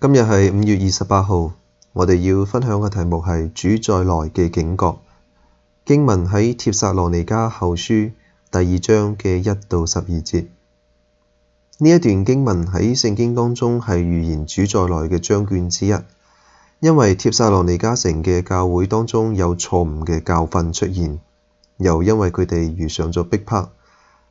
今日係五月二十八號，我哋要分享嘅題目係主再來嘅警覺。經文喺帖撒羅尼迦後書第二章嘅一到十二節。呢一段經文喺聖經當中係預言主再來嘅章卷之一，因為帖撒羅尼迦城嘅教會當中有錯誤嘅教訓出現，又因為佢哋遇上咗逼迫，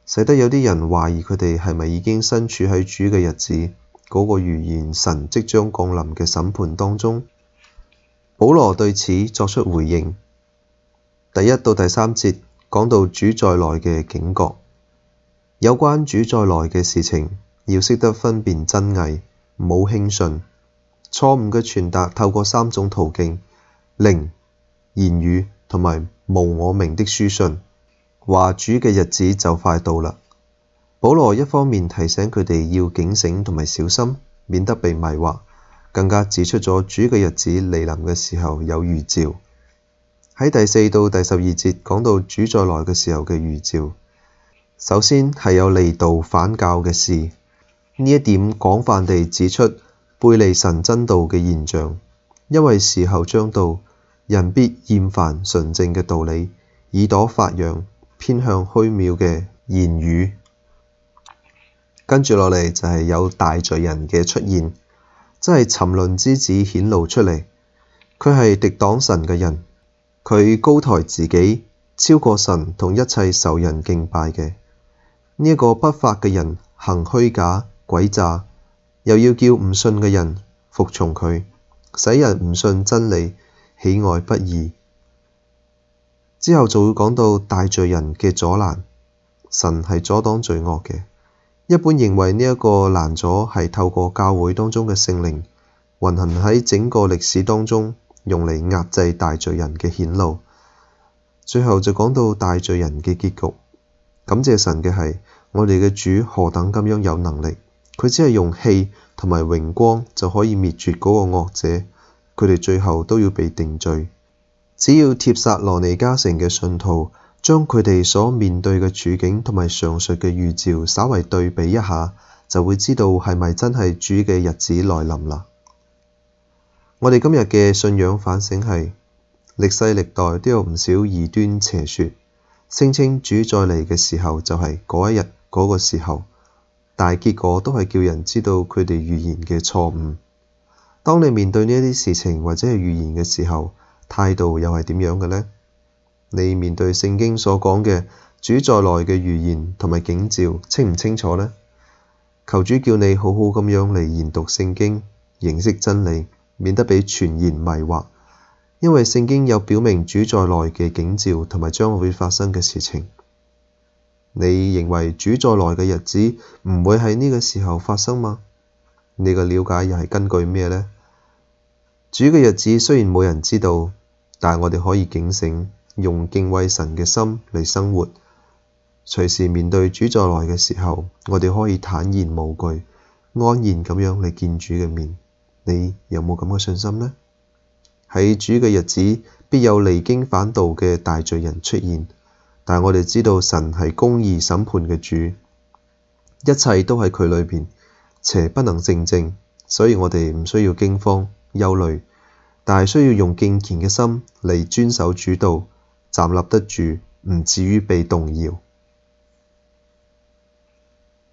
使得有啲人懷疑佢哋係咪已經身處喺主嘅日子。嗰個預言神即將降臨嘅審判當中，保羅對此作出回應。第一到第三節講到主再來嘅警覺，有關主再來嘅事情，要識得分辨真偽，唔好輕信錯誤嘅傳達。傳達透過三種途徑：靈、言語同埋冒我名的書信。話主嘅日子就快到啦。保羅一方面提醒佢哋要警醒同埋小心，免得被迷惑，更加指出咗主嘅日子來臨嘅時候有預兆。喺第四到第十二節講到主再來嘅時候嘅預兆，首先係有離道反教嘅事，呢一點廣泛地指出背離神真道嘅現象，因為時候將到，人必厭煩純正嘅道理，耳朵發癢，偏向虛渺嘅言語。跟住落嚟就係有大罪人嘅出現，即係沉淪之子顯露出嚟。佢係敵擋神嘅人，佢高抬自己，超過神同一切受人敬拜嘅。呢一個不法嘅人行虛假、詭詐，又要叫唔信嘅人服從佢，使人唔信真理，喜愛不義。之後就會講到大罪人嘅阻攔，神係阻擋罪惡嘅。一般認為呢一個難阻係透過教會當中嘅聖靈運行喺整個歷史當中，用嚟壓制大罪人嘅顯露。最後就講到大罪人嘅結局。感謝神嘅係，我哋嘅主何等咁樣有能力，佢只係用氣同埋榮光就可以滅絕嗰個惡者，佢哋最後都要被定罪。只要帖撒羅尼迦城嘅信徒。將佢哋所面對嘅處境同埋上述嘅預兆稍為對比一下，就會知道係咪真係主嘅日子來臨啦。我哋今日嘅信仰反省係歷世歷代都有唔少異端邪說，聲稱主再嚟嘅時候就係嗰一日嗰個時候，但係結果都係叫人知道佢哋預言嘅錯誤。當你面對呢一啲事情或者係預言嘅時候，態度又係點樣嘅呢？你面對聖經所講嘅主再來嘅預言同埋警兆，清唔清楚呢？求主叫你好好咁樣嚟研讀聖經，認識真理，免得俾傳言迷惑。因為聖經有表明主再來嘅警兆同埋將會發生嘅事情。你認為主再來嘅日子唔會喺呢個時候發生嗎？你嘅了解又係根據咩呢？「主嘅日子雖然冇人知道，但係我哋可以警醒。用敬畏神嘅心嚟生活，隨時面對主再來嘅時候，我哋可以坦然無懼，安然咁樣嚟見主嘅面。你有冇咁嘅信心呢？喺主嘅日子，必有離經叛道嘅大罪人出現，但係我哋知道神係公義審判嘅主，一切都喺佢裏邊，邪不能勝正，所以我哋唔需要驚慌憂慮，但係需要用敬虔嘅心嚟遵守主道。站立得住，唔至於被動搖。